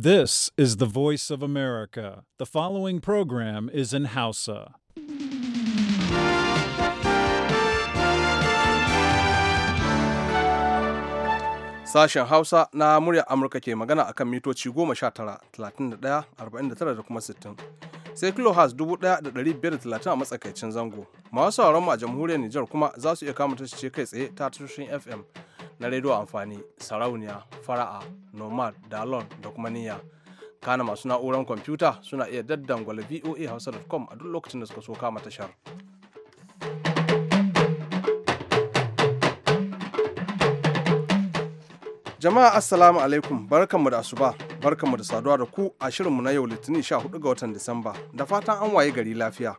This is the voice of America. The following program is in Hausa. Sashen Hausa na muryar Amurka ke magana akan mitoci 19, 31, 49 da kuma 60. Sai kilohaz 1,530 a matsakaicin zango. Masu mu a jamhuriyar Nijar kuma za su iya kama ce kai tsaye ta tushen FM. na rediyo amfani sarauniya fara'a nomad da dalon da kuma niyya kana masu na'uran kwamfuta suna iya daddangwale voa hausa.com a duk lokacin da suka so kama tashar jama'a assalamu alaikum barkanmu da asuba barkanmu da saduwa da ku a shirinmu na yau litinin 14 ga watan disamba da fatan an waye gari lafiya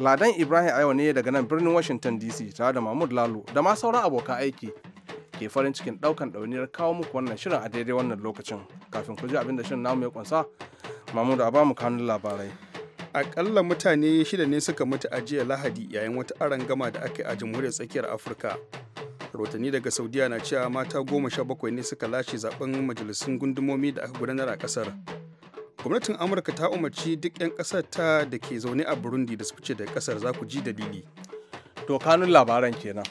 Ladan Ibrahim Ayo ne daga nan birnin Washington DC tare da Mahmud Lalo da ma sauran abokan aiki ke farin cikin daukan ɗauniyar kawo muku wannan shirin a daidai wannan lokacin kafin ku ji abin da shirin namu ya kunsa mamudu a mu kanun labarai akalla mutane shida ne suka mutu a jiya lahadi yayin wata gama da aka yi a jamhuriyar tsakiyar afirka rahotanni daga saudiya na cewa mata goma sha bakwai ne suka lashe zaben majalisun gundumomi da aka gudanar a kasar gwamnatin amurka ta umarci duk 'yan kasar ta da ke zaune a burundi da su fice daga kasar za ku ji dalili to kanun labaran kenan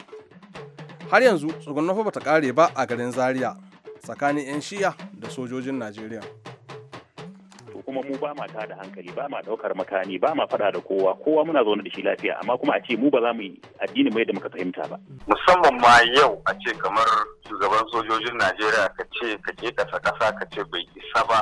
har yanzu tsugunan fa bata kare ba a garin zaria tsakanin 'yan shiya da sojojin najeriya to kuma mu ba ma ta da hankali ba ma daukar makani ba ma fada da kowa kowa muna zaune da shi lafiya amma kuma a ce mu ba za mu yi addini mai da muka fahimta ba musamman ma yau a ce kamar shugaban sojojin najeriya ka ce ka je kasa kasa ka ce bai isa ba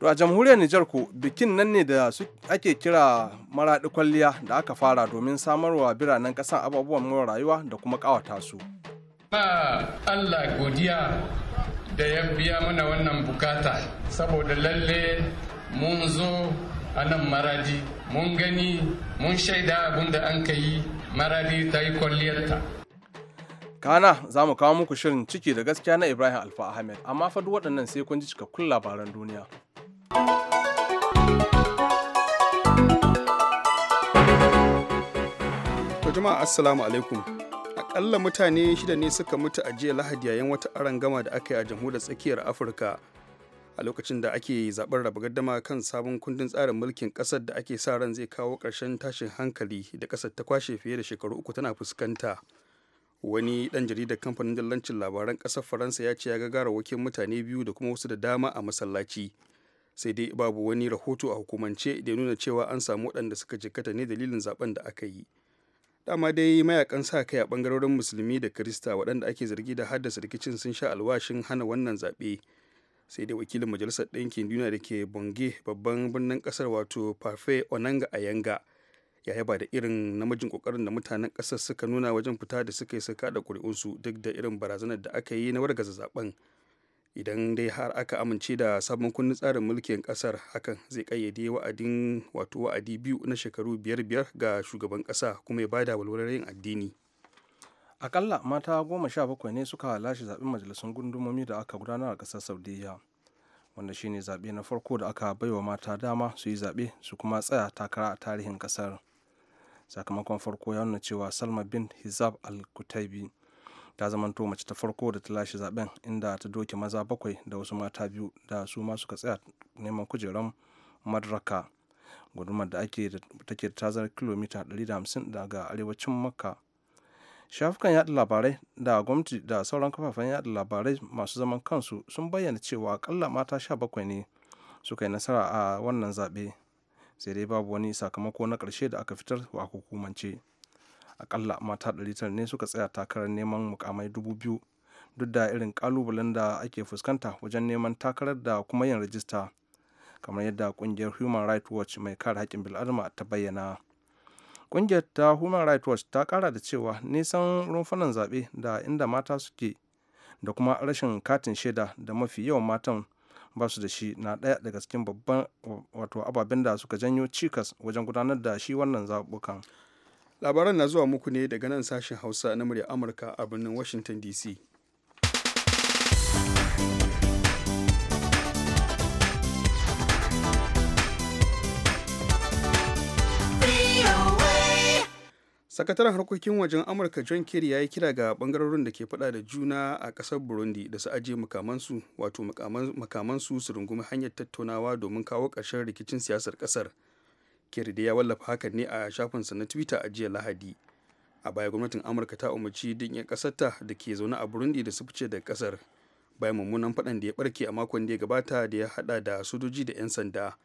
To a jamhuriyar Nijar ko bikin nan ne da ake kira maraɗi kwalliya da aka fara domin samarwa biranen ƙasar abubuwan more rayuwa da kuma ƙawata su. Allah godiya da ya biya mana wannan bukata saboda lalle mun zo a nan maradi mun gani mun shaida abin da an ka yi maradi ta yi kwalliyarta. kana za mu kawo muku shirin ciki da gaskiya na ibrahim alfa ahmed amma fa duk waɗannan sai kun ji cikakkun labaran duniya. jama'a assalamu alaikum akalla mutane shida ne suka mutu a jiya lahadi yayin wata aron gama da aka yi a jamhuriyar tsakiyar afirka a lokacin da ake zaɓar raba gardama kan sabon kundin tsarin mulkin ƙasar da ake sa ran zai kawo ƙarshen tashin hankali da ƙasar ta kwashe fiye da shekaru uku tana fuskanta wani ɗan jaridar kamfanin dillancin labaran ƙasar faransa ya ce ya gagara garawakin mutane biyu da kuma wasu da dama a masallaci sai dai babu wani rahoto a hukumance da ya nuna cewa an samu waɗanda suka jikkata ne dalilin zaben da aka yi dama dai mayakan sa kai a bangarorin musulmi da kirista waɗanda ake zargi da haddasa rikicin sun sha alwashin hana wannan zaɓe sai dai wakilin majalisar ɗinkin duniya da ke bonge babban birnin ƙasar wato parfait onanga a yanga ya yaba da irin namijin ƙoƙarin da mutanen ƙasar suka nuna wajen fita da suka yi suka da ƙuri'unsu duk da irin barazanar da aka yi na wargaza zaben idan dai har aka amince da sabon kundin tsarin mulkin kasar hakan zai kayyade wa'adin wato wa'adi biyu na shekaru biyar biyar ga shugaban kasa kuma ya bada walwalar yin addini akalla mata goma sha bakwai ne suka lashe zaɓen majalisun gundumomi da aka gudanar a ƙasar saudiya wanda shine zaɓe na farko da aka baiwa mata dama su yi zaɓe su kuma tsaya takara a tarihin ƙasar sakamakon farko ya nuna cewa salma bin hizab al-kutaibi ta zamanto mace ta farko da ta lashe zaben inda ta doke maza bakwai da wasu mata biyu da su ma suka tsaya neman kujeran madraka gudumar da ake take da tazarar kilomita 150 daga arewacin makka shafukan yada labarai da gwamnati da sauran kafafen yada labarai masu zaman kansu sun bayyana cewa akalla mata 17 ne suka yi nasara a wannan zaɓe sai dai babu wani sakamako na ƙarshe da aka fitar wa hukumance. akalla mata 100 ne suka tsaya takarar neman mukamai 2000 duk da irin kalubalen da ake fuskanta wajen neman takarar da kuma yin rajista kamar yadda kungiyar human rights watch mai kare haƙƙin bil'adama ta bayyana kungiyar ta human rights watch ta kara da cewa nisan rumfunan zaɓe da inda mata suke da kuma rashin katin shaida da mafi yawan matan ba su da shi na ɗaya daga cikin babban wato ababen da suka janyo cikas wajen gudanar da shi wannan zaɓukan labaran na zuwa muku ne daga nan sashen hausa na murya amurka a birnin washington dc sakataren harkokin wajen amurka john kerry ya yi kira ga bangarorin da ke fada da juna a kasar burundi da su ajiye makamansu wato makamansu su rungumi hanyar tattaunawa domin kawo ƙarshen rikicin siyasar ƙasar. kasar da ya wallafa hakan ne a shafinsa na twitter a jiya lahadi a baya gwamnatin amurka ta umarci duk ƴan kasarta da ke zaune a burundi da su fice daga kasar bayan mummunan faɗan da ya ɓarke a makon da ya gabata da ya haɗa da sojoji da 'yan sanda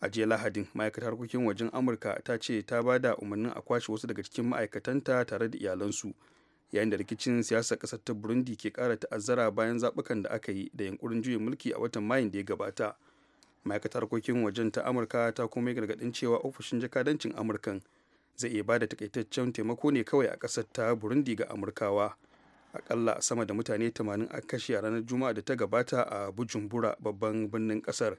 a jiya lahadin ma'aikatar harkokin wajen amurka ta ce ta ba da umarnin a kwashe wasu daga cikin ma'aikatanta tare da iyalansu yayin da rikicin siyasa ƙasar ta burundi ke kara ta'azzara bayan zaɓukan da aka yi da yankurin juyin mulki a watan mayun da ya gabata ma'aikatar harkokin wajen ta amurka ta kuma yi gargaɗin cewa ofishin jakadancin amurkan zai iya bada takaitaccen taimako ne kawai a ƙasar ta burundi ga amurkawa akalla sama da mutane 80 a kashe a ranar juma'a da ta gabata a bujumbura babban birnin kasar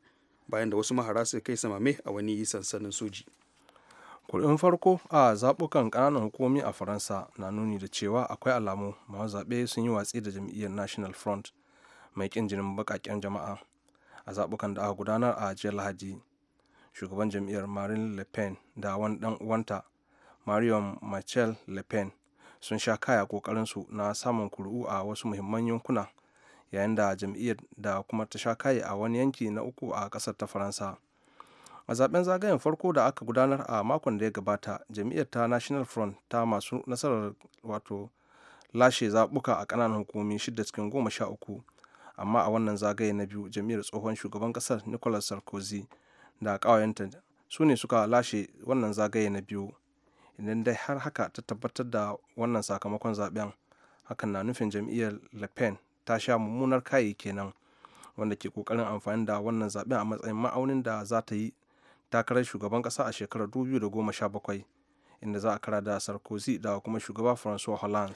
bayan da wasu mahara su kai samame a wani sansanin soji kudin farko a zaɓukan kananan hukumomi a faransa na nuni da cewa akwai alamu masu zaɓe sun yi watsi da jam'iyyar national front mai kin jinin baƙaƙen jama'a a zabukan da aka gudanar a jiya lahadi shugaban jam'iyyar marine le pen da wani dan uwanta marion michel le pen sun sha kaya kokarin su na samun kuri'u a wasu muhimman yankuna yayin da jam'iyyar da kuma ta sha kaya a wani yanki na uku a kasar ta faransa a zaben zagayen farko da aka gudanar a makon da ya gabata jam'iyyar ta national front ta masu nasarar wato lashe zabuka a ƙananan hukumi shida cikin goma sha uku amma a wannan zagaye na biyu jam'iyyar tsohon shugaban kasar nicolas sarkozy da kawayenta su ne suka lashe wannan zagaye na biyu idan dai har haka ta tabbatar da wannan sakamakon zaben hakan na nufin jam'iyyar le pen ta sha mummunar kayi kenan wanda ke kokarin amfani da wannan zaben a matsayin ma'aunin da za ta yi takarar shugaban kasa a shekarar 2017 inda za a kara da sarkozy da kuma shugaba francois hollande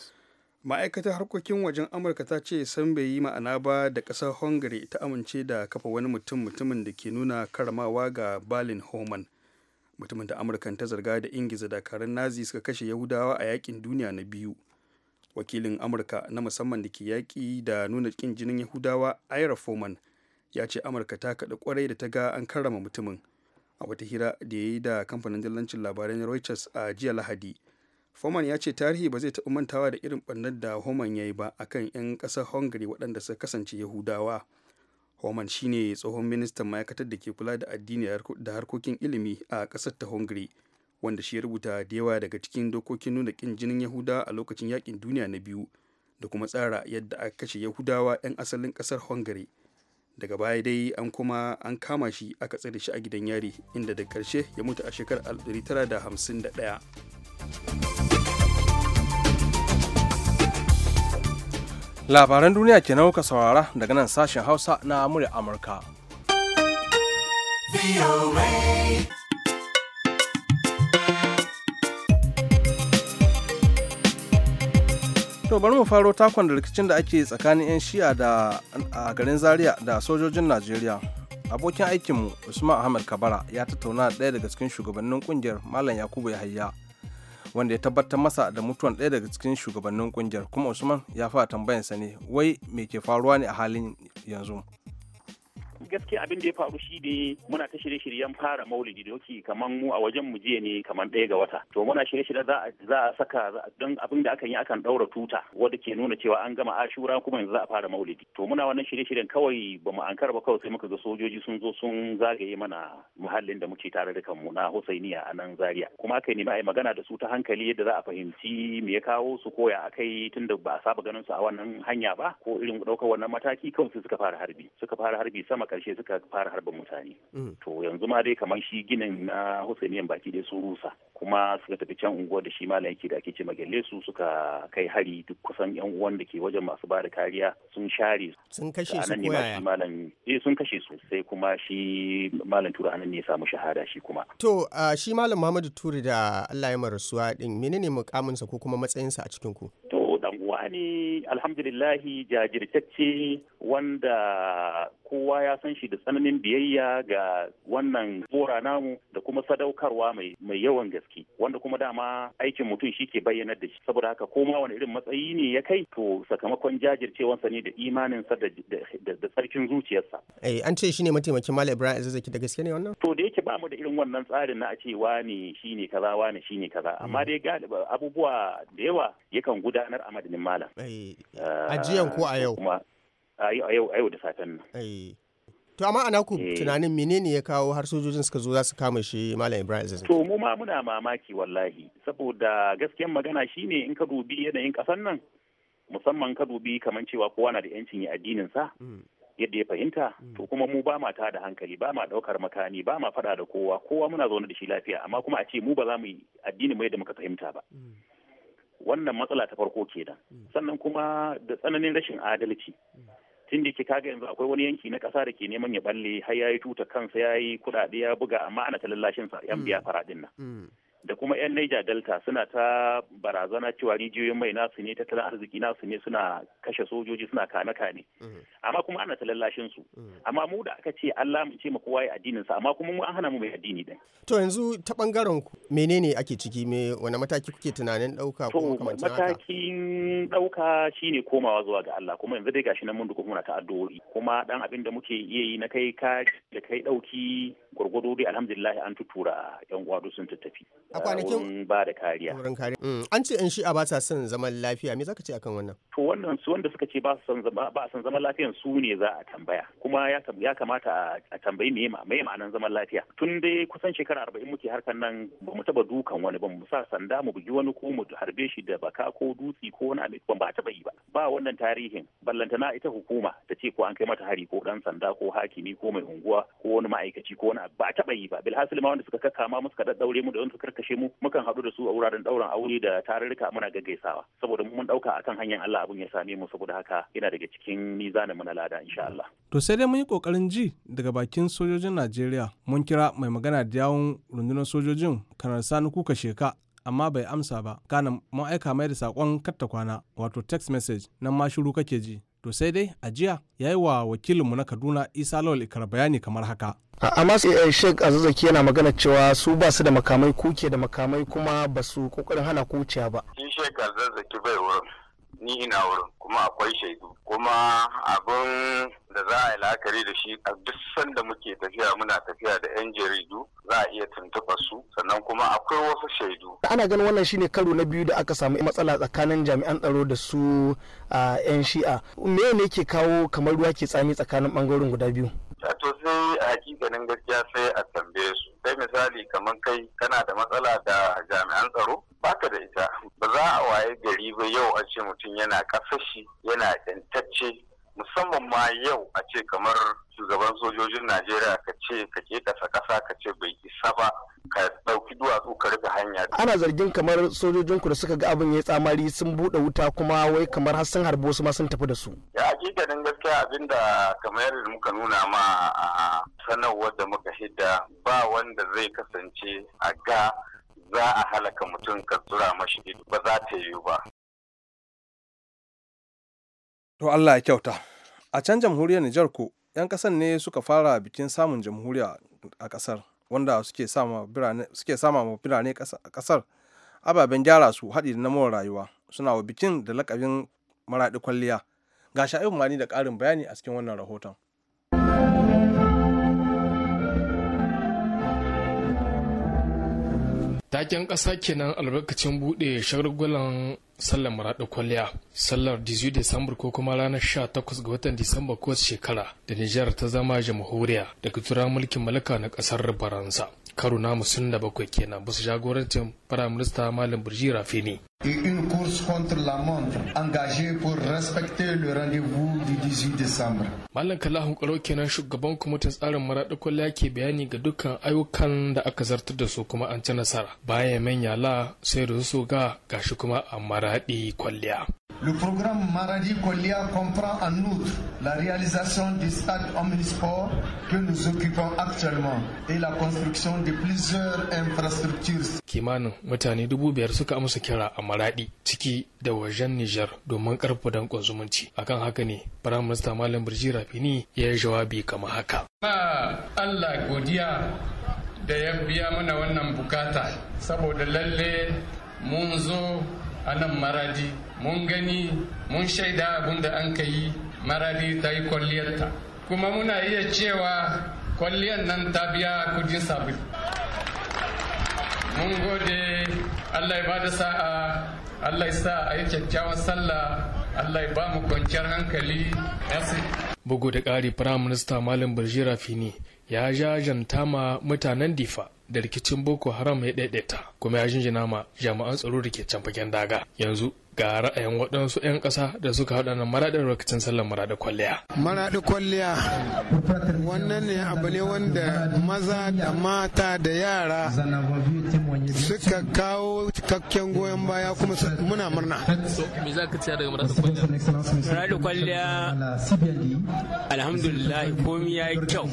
ma'aikatar harkokin wajen amurka ta ce san bai yi ma'ana ba da ƙasar hungary ta amince da kafa wani mutum mutumin da ke nuna karamawa ga balin homan mutumin da amurkan ta zarga da ingiza dakarun nazi suka kashe yahudawa a yakin duniya na biyu wakilin amurka na musamman da ke yaƙi da nuna ƙin jinin yahudawa ira foman ya ce amurka ta kaɗa kwarai da ta ga an karrama mutumin a wata hira da ya yi da kamfanin dillancin labaran reuters a jiya lahadi Foman ya ce tarihi ba zai taɓa mantawa da irin ɓarnar da Homan ya yi ba kan 'yan ƙasar Hungary waɗanda suka kasance Yahudawa. Homan shine tsohon ministan ma'aikatar da ke kula da addini da harkokin ilimi a ƙasar ta Hungary, wanda shi ya rubuta da yawa daga cikin dokokin nuna ƙin jinin Yahudawa a lokacin yaƙin duniya na biyu da kuma tsara yadda aka kashe Yahudawa 'yan asalin ƙasar Hungary. Daga baya dai an kuma an kama shi aka tsare shi a gidan yari inda da ƙarshe ya mutu a shekarar 1951. labaran duniya ke nan kuka saurara daga nan sashen hausa na murya amurka to bari mu faro takon da rikicin da ake tsakanin 'yan shi'a da a garin zaria da sojojin najeriya abokin aikinmu usman ahmad kabara ya tattauna ɗaya daga cikin shugabannin kungiyar malam yakubu yahaya wanda ya tabbatar masa da mutuwan ɗaya daga cikin shugabannin kungiyar kuma usman ya fara tambayansa ne wai me ke faruwa ne a halin yanzu gaskiya abin da ya faru shi ne muna ta shirye-shiryen fara maulidi da yake kamar mu a wajen mu jiya ne kamar ɗaya ga wata to muna shirye-shirye za a saka don abin da akan yi akan ɗaura tuta wadda ke nuna cewa an gama ashura kuma yanzu za a fara maulidi to muna wannan shirye-shiryen kawai ba mu ankar ba kawai sai muka ga sojoji sun zo sun zagaye mana muhallin da muke tare da kanmu na Husainiya a nan Zaria kuma aka nemi a yi magana da su ta hankali yadda za a fahimci me ya kawo su koya akai tunda ba a saba ganin su a wannan hanya ba ko irin ɗaukar wannan mataki kawai suka fara harbi suka fara harbi sama rushe suka fara harba mutane mm. to yanzu ma dai kamar shi ginin na Hussainiyan baki dai su rusa kuma suka tafi can unguwar da shi malam yake da ake ce magalle su suka kai hari duk kusan yan uwan da ke wajen masu bada kariya sun share sun kashe su ko yaya eh sun kashe su sai kuma shi malam tura anan ne ya samu shahada shi kuma to shi malam Muhammadu Turi da Allah ya marasuwa din menene mukaminsa ko kuma matsayinsa a cikin ku to dan uwa ne alhamdulillahi jajirtacce wanda kowa ya san shi da tsananin biyayya ga wannan bora namu da kuma sadaukarwa mai yawan gaske wanda kuma dama aikin mutum shi ke bayyanar da shi saboda haka koma wani irin matsayi ne ya kai to sakamakon jajircewansa ne da imanin sa da tsarkin zuciyarsa. Eh an ce shine mataimakin Malam Ibrahim Azizaki da gaske ne wannan? To da yake ba mu da irin wannan tsarin na a ce wani shine kaza wani shine kaza amma mm. dai galiba abubuwa da yawa yakan gudanar a madadin malam. Eh, eh, jiyan ko a yau. a yau da safen nan eh. to amma ana ku eh. tunanin menene ya kawo har sojojin suka zo za su kama shi malam ibrahim aziz to mu ma muna mamaki wallahi saboda gaskiyan magana shine in ka dubi yanayin kasan nan musamman ka dubi kamar cewa kowa na da yancin ya addinin sa mm. yadda ya fahimta mm. to kuma mu ba ma ta da hankali ba ma daukar makani ba ma fada da kowa kowa muna zaune da shi lafiya amma kuma a ce mu ba za mu yi addini mu yadda muka fahimta ba mm. wannan matsala ta farko kenan sannan kuma da tsananin rashin adalci tun da ke kaga yanzu akwai wani yanki na ƙasa da ke neman ya balle har ya yi tuta kansa ya yi kuɗaɗe ya buga amma ana ta lallashin sa yan mm. biya fara nan mm. da kuma 'yan Niger Delta suna ta barazana cewa rijiyoyin mai nasu ne tattalin arziki nasu ne suna kashe sojoji suna kane-kane. Mm-hmm. Amma kuma ana ta lallashin su. Mm-hmm. Amma mu da aka ce Allah mu ce ma kowa ya addinin sa amma kuma mu an hana mu mai addini din. To yanzu ta bangaren ku menene ake ciki me wani mataki kuke tunanin dauka ko makamancin haka? Matakin dauka shine komawa zuwa ga Allah kuma yanzu dai gashi nan mun duka muna ta addu'o'i kuma dan abin da muke iya yi na kai ka da kai dauki gurgudu dai alhamdulillah an tutura yan uwa sun tattafi. a kwanakin ba da kariya wurin kariya mm. an ce shi shi'a ba sa son zaman lafiya me zaka ce akan wannan to wannan su wanda suka ce ba su son ba son zaman lafiyan su ne za a tambaya kuma ya kamata a tambayi me me ma'anan zaman lafiya tun dai kusan shekara 40 muke harkan nan ba mu taba dukan wani ba mu sa sanda mu bugi wani ko mu harbe shi da baka ko dutsi ko wani abu ba taba yi ba ba wannan tarihin ballantana ita hukuma ta ce ko an kai mata hari ko dan sanda ko hakimi ko mai unguwa ko wani ma'aikaci ko wani ba taba yi ba bilhasil ma wanda suka kakkama mu suka daddaure mu da wani suka kashe mu mukan haɗu da su a wuraren ɗaurin aure da tarurruka muna gaggaisawa saboda mun ɗauka akan hanyar Allah abun ya same mu saboda haka yana daga cikin mizanin mu na lada insha Allah. To sai dai mun yi kokarin ji daga bakin sojojin Najeriya mun kira mai magana da yawun rundunar sojojin kanar sanu Kuka Sheka amma bai amsa ba kana mun aika mai da sakon katta kwana wato text message nan ma shiru kake ji to sai dai a jiya ya yi wa wakilinmu na kaduna isa lawal ikar bayani kamar haka a amma eh, a zazzaki yana magana cewa su ba su da makamai kuke da makamai kuma ba su kokarin hana kuciya ba shi a zazzaki bai wurin ni ina wurin kuma akwai shaidu kuma abin da za a yi la'akari da shi a duk sanda muke tafiya muna tafiya da yan jaridu za a iya tuntuɓa su sannan kuma akwai wasu shaidu. ana ganin wannan shine karo na biyu da aka samu matsala tsakanin jami'an tsaro da su a 'yan shi'a me ne ke kawo kamar ruwa ke tsami tsakanin bangaren guda biyu. to sai a hakikanin gaskiya sai a tambaye su sai misali kamar kai kana da matsala da jami'an tsaro baka da ita ba za a waye gari ba yau a ce mutum yana kasashi yana yantacce musamman ma yau a ce kamar shugaban sojojin najeriya ka ce ka ke kasa kasa ka ce bai isa ba ka ɗauki duwatsu ka rufe hanya ana zargin kamar sojojin ku da suka ga abin ya yi tsamari sun buɗe wuta kuma wai kamar har sun harbo su ma sun tafi da su ya hakikanin gaskiya abin da kamar da muka nuna ma a sanarwar da muka hidda ba wanda zai kasance a ga za a halaka mutum ka tura mashi ba za ta yiwu ba To Allah ya kyauta. A can jamhuriyar Nijar ko 'yan kasan ne suka fara bikin samun jamhuriya a kasar wanda suke sama wa birane a ƙasar ababen gyara su haɗi na more rayuwa suna wa bikin da lakabin maraɗi kwalliya. Ga sha'ibu mani da ƙarin bayani a cikin wannan rahoton. taken ƙasa kenan albarkacin buɗe shagulgulan sallar maraɗa kwalliya sallar 18 disambar ko kuma ranar 18 ga watan disamba kowace shekara da nijar ta zama jamhuriya daga tura mulkin mallaka na ƙasar faransa karo na musun da bakwai kenan bisa jagorancin firaminista malam birji rafini et une course contre la montre engagée pour respecter le rendez du 18 décembre. Malam Kalahun Karo kenan shugaban kwamitin tsarin maraɗa kwalliya ke bayani ga dukkan ayyukan da aka zartar da su kuma an ci nasara. Bayan manya la sai da su ga gashi kuma a maraɗi kwalliya. Le programme Maradi Kolia comprend en outre la réalisation du stade omnisport que nous occupons actuellement et la construction de plusieurs infrastructures. Kimanin mutane dubu biyar suka amsa kira a Maradi ciki da wajen Nijar domin karfa dankon zumunci. Akan haka ne, Firayim Minista Malam Birji Rafini ya yi jawabi kamar haka. Ma Allah godiya da ya biya mana wannan bukata saboda lalle mun zo a nan maradi mun gani mun shaida abin an ka yi maradi ta yi kwalliyarta kuma muna iya cewa kwalliyar nan ta biya kudin sabis mun gode allah ya bada sa'a allah ya sa a yi kyakkyawan sallah allah ya ba mu kwanciyar hankali bugu da ƙari firaminista malam birjira fini ya jajanta ma mutanen difa da rikicin Boko Haram ya daidaita kuma ya jinjina ma jami'an tsaro da ke can fagen daga. Yanzu ga ra'ayin waɗansu 'yan ƙasa da suka haɗa na maraɗin rikicin sallar maraɗin kwalliya. Maraɗin kwalliya wannan ne abu ne wanda maza da mata da yara suka kawo cikakken goyon baya kuma muna murna. Me za ka ciya daga maraɗin kwalliya? Maraɗin kwalliya alhamdulillah komi ya yi kyau.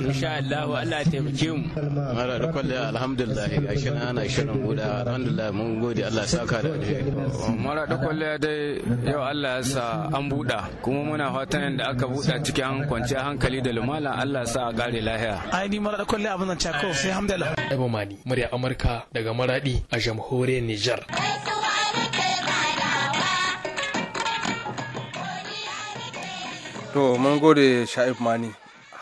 Insha Allah Allah taimake mu. Maraɗin kwalliya alhamdulillah ga shi ana shirin guda alhamdulillah mun gode Allah saka da alheri. maraɗi kwalliya dai yau Allah ya sa an buɗa kuma muna fatan yadda aka buɗa cikin kwanciyar hankali da lumala Allah sa a gare lahiya. Ai ni da kwalliya abin nan ko sai alhamdulillah ebo Mani murya Amurka daga maraɗi a jamhuriyar Nijar. To mun gode Sha'ib Mani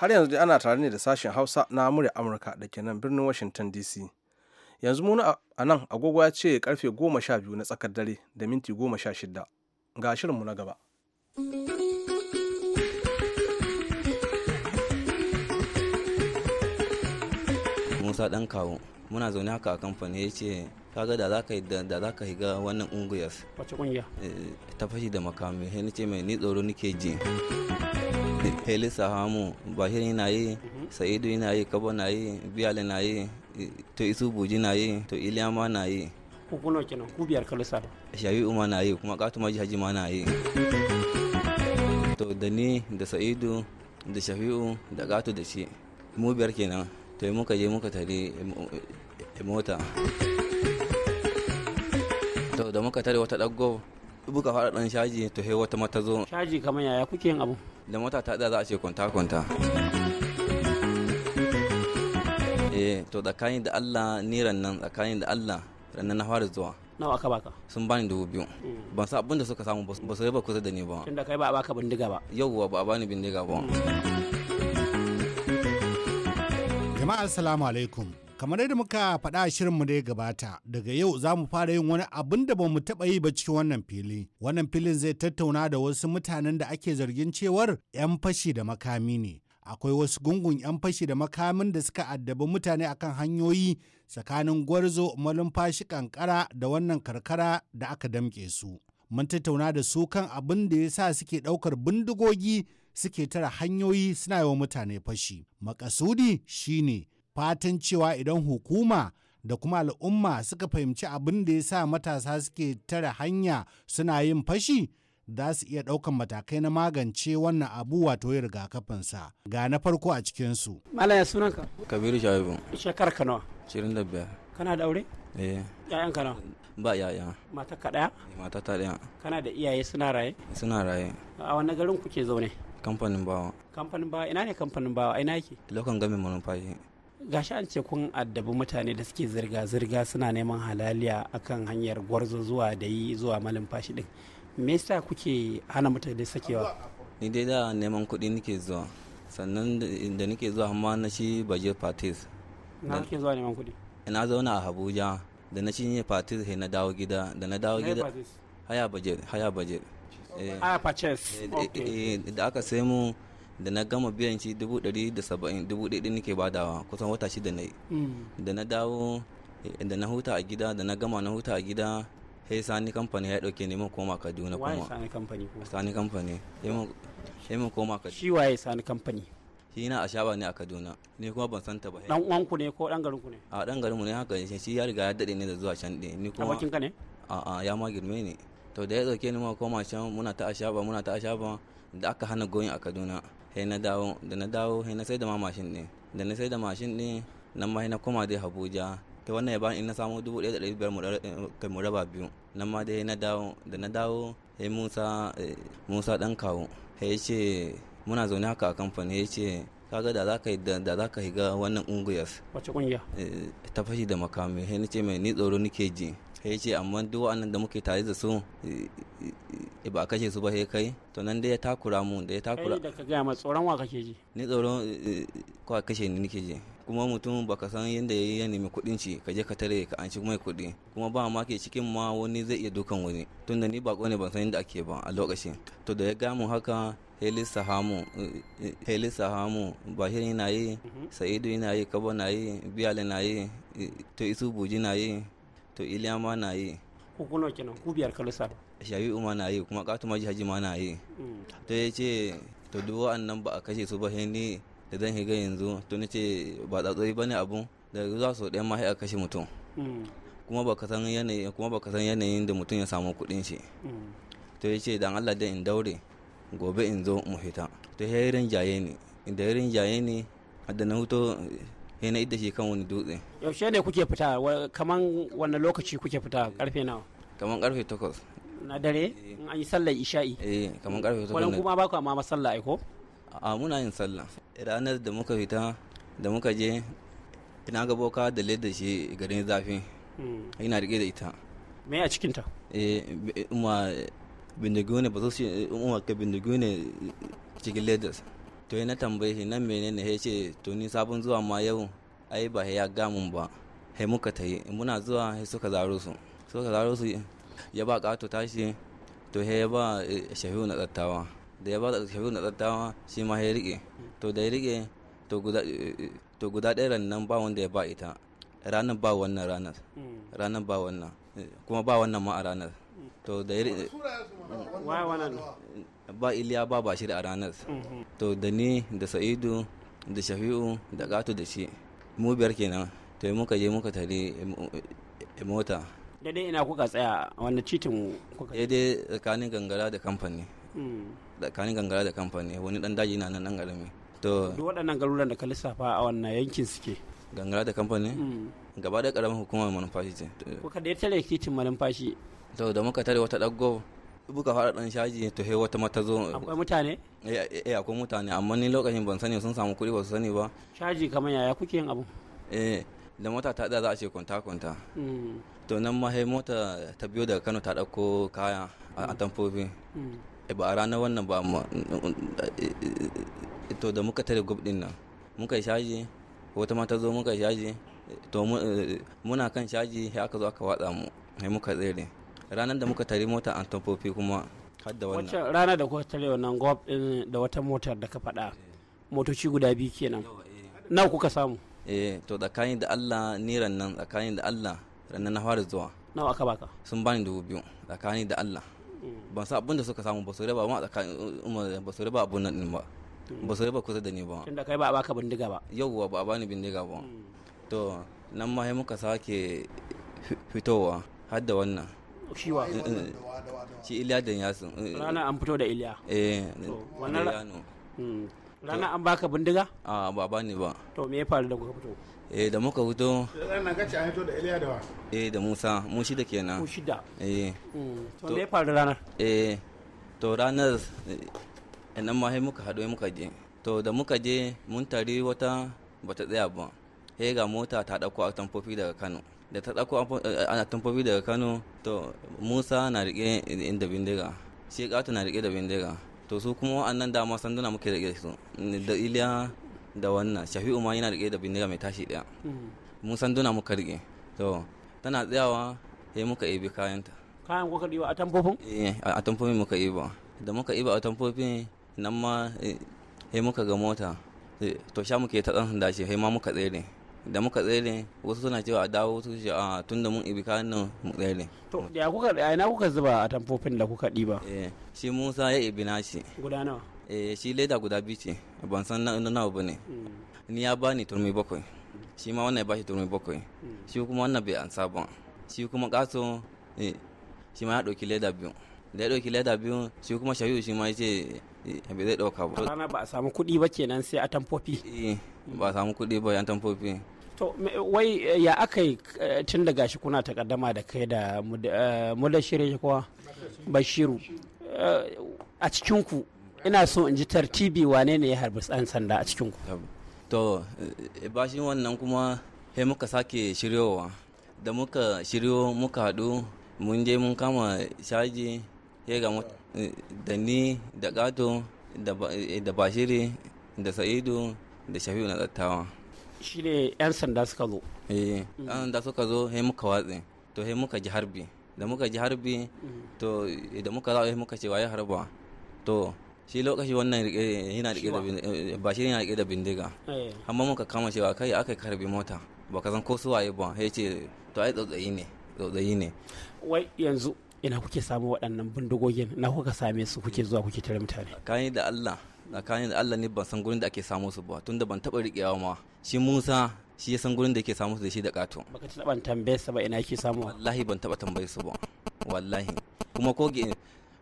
har yanzu dai ana tare ne da sashen Hausa na murya Amurka da ke nan birnin Washington DC. yanzu mu a nan agogo ya ce karfe goma sha biyu na tsakar dare da minti goma sha shida ga shirinmu na gaba musa dan kawo muna zaune haka a kamfani ya ce kaga da za ka yi da za ka higa wannan ungiyar eh, ta fashi da makami ya ce mai ni tsoro nike ji helisa hamu bahiri na yi mhm. sa'idu na yi kabo na yi biyali na yi to isu buji na yi to iliyama na yi ku kuna nan, ku biyar shayi ma na yi kuma katu maji haji ma na yi to da ni da sa'idu da shafi'u da gato da shi mu biyar kenan to yi muka je muka tare eh, mota to da muka tare wata ɗago buka fara dan shaji to he wata mata zo shaji kamar yaya kuke yin abu da mota ta da za a ce kwanta kwanta eh to kayan da Allah ni rannan tsakanin da Allah rannan na fara zuwa nawa aka baka sun bani dubu biyu mm. ban sa abin da suka samu ba su ba kusa da ni ba tunda kai ba a baka bindiga ba yauwa ba a bani bindiga ba jama'a assalamu alaikum kamar yadda muka faɗa a shirinmu da ya gabata daga yau za mu fara yin wani abin da ba mu taɓa yi ba cikin wannan fili wannan filin zai tattauna da wasu mutanen da ake zargin cewar 'yan fashi da makami ne akwai wasu gungun 'yan fashi da makamin da suka addabi mutane akan hanyoyi tsakanin gwarzo fashi kankara da wannan karkara da aka damƙe su mun tattauna da su kan abin da ya sa suke ɗaukar bindigogi suke tara hanyoyi suna yawan mutane fashi makasudi shine fatan cewa idan hukuma da kuma al'umma suka fahimci abin da ya sa matasa suke tara hanya suna yin fashi za su iya ɗaukan matakai na magance wannan abu wato yi rigakafinsa ga na farko a cikinsu. Malaya sunanka? Kabiru Shaibu. Shekar ka nawa? da biyar. Kana da aure? Eh. Ya'yan ka nawa? Ba ya'ya. Mata ka ɗaya? Eh, Mata ta ɗaya. Kana da iyaye suna raye? Suna raye. A wani garin kuke zaune? Kamfanin bawa. Kamfanin bawa ina ne kamfanin bawa ina yake? Lokan gamin manufashi. gashi an ce kun addabi mutane da suke zirga-zirga suna neman halaliya akan hanyar gwarzo zuwa da yi zuwa malin fashi din me yasa kuke hana mutane sakewa ni dai da neman kuɗi nake zuwa sannan da nake zuwa amma na shi baje patis na kake zuwa neman kuɗi ina zauna a abuja da na cinye patis sai na dawo gida da na dawo gida haya baje haya baje eh, haya patis eh, eh, da aka sai mu da na gama biyan shi dubu ɗari da saba'in dubu ɗaya nake badawa kusan wata shida na yi hmm. da na dawo da na huta a gida da na gama na huta a gida sai sani kamfani ya dauke neman koma kaduna kuma sani kamfani ko sani kamfani sai mun koma kaduna shi waye sani kamfani shi na ashaba ne a kaduna ni kuma ban santa ba dan uwanku ne ko dan garinku ne a dan garinmu ne haka shi ya riga ya dade ne da zuwa can din ni kuma abokin ka ne a a ya ma girme ne to da ya dauke ni koma can muna ta ashaba muna ta ashaba da aka hana goyin a kaduna sai na dawo da na dawo sai na sai da ma mashin ne da na sai da mashin ne nan ma na koma dai abuja ta wannan ya bani in na samu dubu ɗaya da ɗari biyar eh, kai mu raba biyu nan ma dai na dawo da na dawo ya musa eh, musa ɗan kawo ya ce muna zaune haka a kamfani ya ce kaga da zaka da zaka higa wannan ungiyar wace kungiya eh, ta fashi da makami sai nace mai ni tsoro nake ji sai ce amma duk wa'annan da muke tare da su ba a kashe su ba sai kai to nan dai ya takura mu da ya takura kai da ka ga ma tsoron wa kake ji ni tsoron ko a kashe ni nake ji kuma mutum baka san yadda ya yi ya nemi kuɗin ci ka je ka tare ka an ci mai kuɗi kuma ba ma ke cikin ma wani zai iya dukan wani tunda ni ba ne ban san yadda ake ba a lokacin to da ya gamu haka heli sahamu helis sahamu bahir yana yi sa'idu yana yi kaba na yi mhm. biyale na yi to isu buji na yi to iliyama na yi hukunan kenan ku biyar ka lissafa ma na yi kuma katuma jihaji ma na yi mm. to ya ce to duwa annan ba a kashe su ba sai ni da zan higa yanzu tuni ce ba tsatsori ne abun da za su ɗaya ma a kashe mutum mm. kuma baka san yanayin kuma baka san yanayin da mutum ya samu kuɗin shi mm. to ya ce dan Allah da in daure gobe in zo mu fita to yi rinjaye ne da rinjaye ne da na hutu ya na idda shi kan wani dutse yaushe ne kuke fita kaman wanne lokaci kuke fita karfe nawa kaman karfe takwas na dare eh. an yi sallar isha'i eh kaman karfe takwas wannan kuma ba ku amma sallah ai ko a muna yin sallah ranar da muka fita da muka je ina ga boka da leda shi garin zafi hmm. ina rike da ita me a cikinta eh umma bindigo ne ba su umma ka bindigo ne cikin ledas to na tambaye shi nan mene ya ce to ni sabon zuwa ma yau ai ba ya gamun ba he muka ta yi. muna zuwa he suka zaro su suka zaro su ya ba to tashi to he ya ba eh, shahiu na tsattawa da ya ba da shafi na tsattawa shi ma ya rike to da ya rike to guda ɗaya nan ba wanda ya ba ita ranar ba wannan ranar ranar ba wannan kuma ba wannan ma a ranar to da ya rike ba iliya ba da a ranar to da ni da sa'idu da shafi'u da gato da shi mu biyar kenan to muka je muka tare eh, mota daidai ina kuka tsaya wani titin kuka dai tsakanin gangara da kamfani hmm. tsakanin gangara da kamfani wani dan daji na nan dan garami to duk waɗannan garuruwan da ka lissafa a wannan yankin suke gangara da kamfani mm. gaba da karamin hukumar manufashi ce kuka da ya tare titin manufashi to da muka tare wata daggo buka fara dan shaji to he wata mata zo akwai mutane eh, eh, eh akwai mutane amma ni lokacin ban sani sun samu kuɗi ba su sani ba shaji kamar yaya kuke yin abu eh da mota ta da za a ce kwanta kwanta mm. to nan ma he mota ta biyo daga Kano ta dauko kaya a tamfofi mm. Eh, ba a ranar wannan ba eh, to da muka tare gub din nan muka yi shaji wata mata zo muka yi shaji to eh, muna kan shaji ya aka zo aka watsa mu sai muka tsere ranar da muka tare mota an tofofi kuma har da wannan wacce rana da kuka tare wannan gub din da wata motar da ka faɗa motoci guda biyu kenan nawa kuka samu eh to tsakanin da Allah ni nan tsakanin da Allah ranar na fara zuwa nawa aka baka sun bani dubu biyu tsakanin da Allah ba sa abin da suka samu ba su raba ma tsakanin ba su raba abin nan ba ba su raba kusa da ni ba tun da kai ba a baka bindiga ba yauwa ba a bani bindiga ba hmm. to nan ma muka sake fitowa har da wannan shi eh, eh, shi iliya da yasin eh, rana an fito da iliya eh wannan rana an baka bindiga a ba ba ne ba to me ya faru da kuka fito eh da muka fito ranar gaci a fito da iliya da wa eh da musa mu shida kenan mu shida eh mm. to me ya faru ranar eh to ranar eh, nan ma sai muka haɗu muka je to da muka je mun tari wata bata tsaya ba sai ga mota ta ɗauko a tamfofi daga kano da ta ɗauko a eh, tamfofi daga kano to musa na riƙe inda bindiga shi ta na riƙe da bindiga to su kuma wa'annan dama sanduna muke rike su da iliya da wannan shafi'u ma yana rike da bindiga mai tashi daya mun mm. sanduna muka rike to tana tsayawa sai muka ibi kayanta kayan kuka ɗiba a tamfofin eh a tamfofin muka iba da muka iba a tamfofin nan ma sai eh, muka ga mota eh, to sha muke ta tsan da shi sai ma muka tsere da muka tsere wasu suna cewa a dawo wasu ce a ah, tun da mun ibi kayan nan mu tsere. to ya kuka a ina kuka zuba a tamfofin da kuka ɗiba. eh shi musa ya ibi nashi. guda nawa. eh shi leda guda biyu ce ban san na nawa ba ne. Mm. ni ya bani turmi bakwai shi ma wannan ya bashi turmi bakwai mm. shi kuma wannan bai ansa ba shi kuma kaso eh, shi ma ya ɗauki leda biyu da ya ɗauki leda biyu shi kuma shayu shi ma ya ce eh, bai zai ɗauka ba. rana ba a samu kuɗi ba kenan sai a tamfofi. Eh, ba a samu kuɗi ba yan tamfofi. to wai eh, ya aka yi eh, tun da gashi kuna takaddama da kai da eh, mudashire kuwa bashiru a cikinku ina so in ji tartibi wane ne ya harbi tsan sanda a cikinku to bashin wannan kuma sai muka sake shiryowa da muka shiryo muka haɗu mun je mun kama shaji he ga da ni da gato da bashiri da sa'idu da shafi'u na dattawa. ne yan sanda suka zo eh yan sanda suka zo he muka watse to he muka ji harbi da muka ji harbi to da muka zawo he muka ce waye harba to shi lokaci wannan yana rike da eh, ba shi yana rike da bindiga eh. amma muka kama cewa kai aka karbi mota ka san ko su waye ba he ce to ai tsotsayi ne tsotsayi ne wai yanzu ina kuke samu waɗannan bindigogin na kuka same su kuke zuwa kuke tare mutane Kayi da Allah tsakanin da Allah ne ban san gurin da ake samu su ba tunda ban taba riƙewa ma shi Musa shi ya san gurin da yake samu su da shi da kato baka taba tambaye sa ba ina yake samu wallahi ban taba tambaye su ba wallahi kuma ko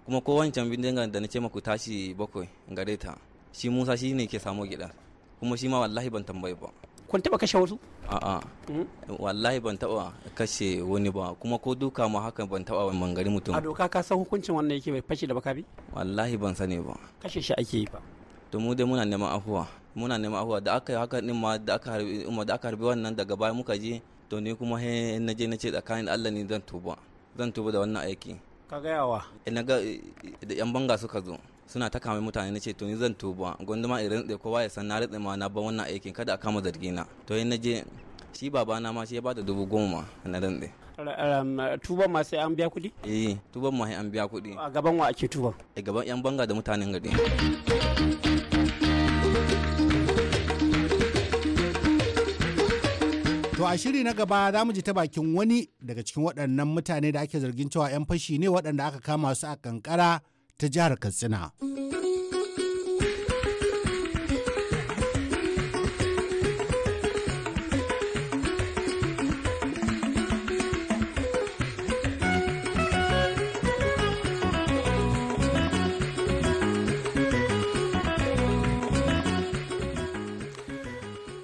kuma ko wancan bindigan da nace maku tashi bakwai gare ta shi Musa shi ne ke samu gida kuma shi ma wallahi ban tambaye ba kun taba kashe wasu a'a hmm? wallahi ban taba kashe wani ba kuma ko duka ma haka ban taba mangari mutum a doka ka san hukuncin wannan yake bai fashi da baka bi wallahi ban sani ba kashe shi ake yi ba to mu dai muna neman afuwa muna neman afuwa da aka haka din ma da aka harbi umma da aka harbi wannan daga baya muka je to ni kuma he na je na ce tsakanin Allah ne zan tuba zan tuba da wannan aiki ka ga yawa eh, na ga eh, da yan banga suka zo suna ta kame mutane na ce to ni zan tuba gwanduma irin da kowa ya san na rutse ma na ban wannan aikin kada a kama na to in na je shi babana ma shi ya bada dubu goma na rantse tuban ma sai an biya kuɗi? eh tuban ma sai an biya kuɗi a gaban wa ake tuban a gaban yan banga da mutanen gari a shiri na gaba za mu ji ta bakin wani daga cikin waɗannan mutane da ake zargin cewa 'yan fashi ne waɗanda aka kama su a kankara ta jihar Katsina.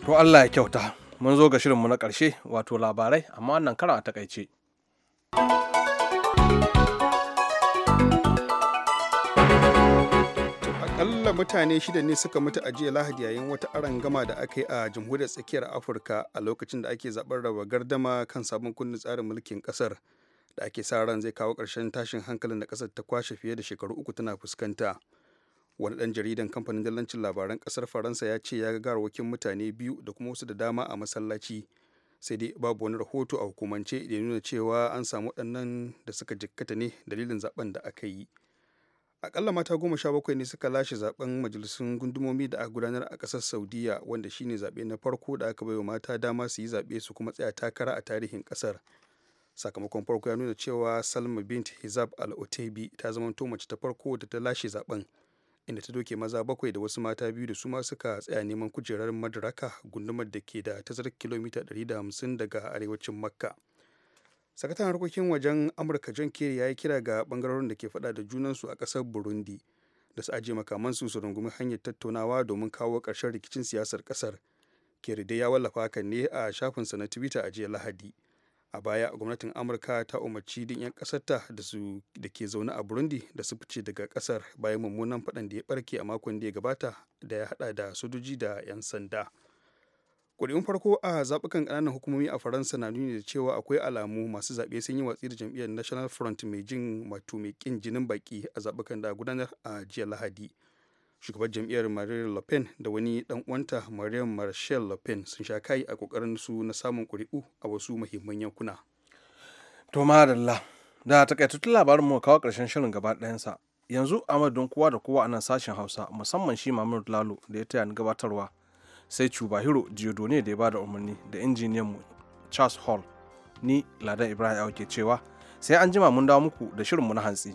To Allah ya kyauta. mun zo ga shirinmu na ƙarshe wato labarai amma wannan karan a takaice. akalla mutane shida ne suka mutu a jiya lahadi yayin wata aron gama da aka yi a jamhuriyar tsakiyar afirka a lokacin da ake zaɓar raba gardama kan sabon kundin tsarin mulkin ƙasar da ake sa ran zai kawo ƙarshen tashin hankalin da ƙasar ta kwashe fiye da shekaru uku tana fuskanta wani ɗan jaridan kamfanin dillancin labaran ƙasar faransa ya ce ya ga garwakin mutane biyu da kuma wasu da dama a masallaci sai dai babu wani rahoto a hukumance da nuna cewa an samu waɗannan da suka jikkata ne dalilin zaben da aka yi akalla mata goma sha bakwai ne suka lashe zaben majalisun gundumomi da aka gudanar a ƙasar saudiya wanda shine zaɓe na farko da aka baiwa mata dama su yi zaɓe su kuma tsaya takara a tarihin ƙasar sakamakon farko ya nuna cewa salma bint hizab al-otebi ta zama mace ta farko da ta lashe zaben inda ta doke maza bakwai da wasu mata biyu da su ma suka tsaya neman kujerar madaraka gundumar da ke da tazarar kilomita 150 daga arewacin makka sakataren harkokin wajen amurka john kerry ya yi kira ga bangarorin da ke fada da junansu a kasar burundi da su ajiye makamansu su rungumi hanyar tattaunawa domin kawo ƙarshen rikicin siyasar ƙasar kerry dai ya wallafa hakan ne a shafinsa na twitter a jiya lahadi a baya gwamnatin amurka ta umarci din 'yan kasarta da ke zaune a burundi da su fice daga kasar bayan mummunan faɗan da ya barke a makon da ya gabata da ya hada da sojoji da 'yan sanda ƙuri'un farko a zaɓukan ƙananan hukumomi a faransa na nuni da cewa akwai alamu masu zaɓe sun yi watsi da jam'iyyar national front mai jin wato mai ƙin jinin baki a zaɓukan da gudanar a jiya lahadi shugaban jam'iyyar marine le pen da wani dan uwanta mariam marshal le pen sun sha kai a kokarin su na samun kuri'u a wasu muhimman yankuna to madalla da takaitattun labarin mu kawo karshen shirin gaba ɗayansa yanzu don kowa da kowa a nan sashen hausa musamman shi mamud lalo da ya taya ni gabatarwa sai cubahiro ne da ya bada umarni da injiniyan mu charles hall ni ladan ibrahim ke cewa sai an jima mun dawo muku da shirinmu na hantsi.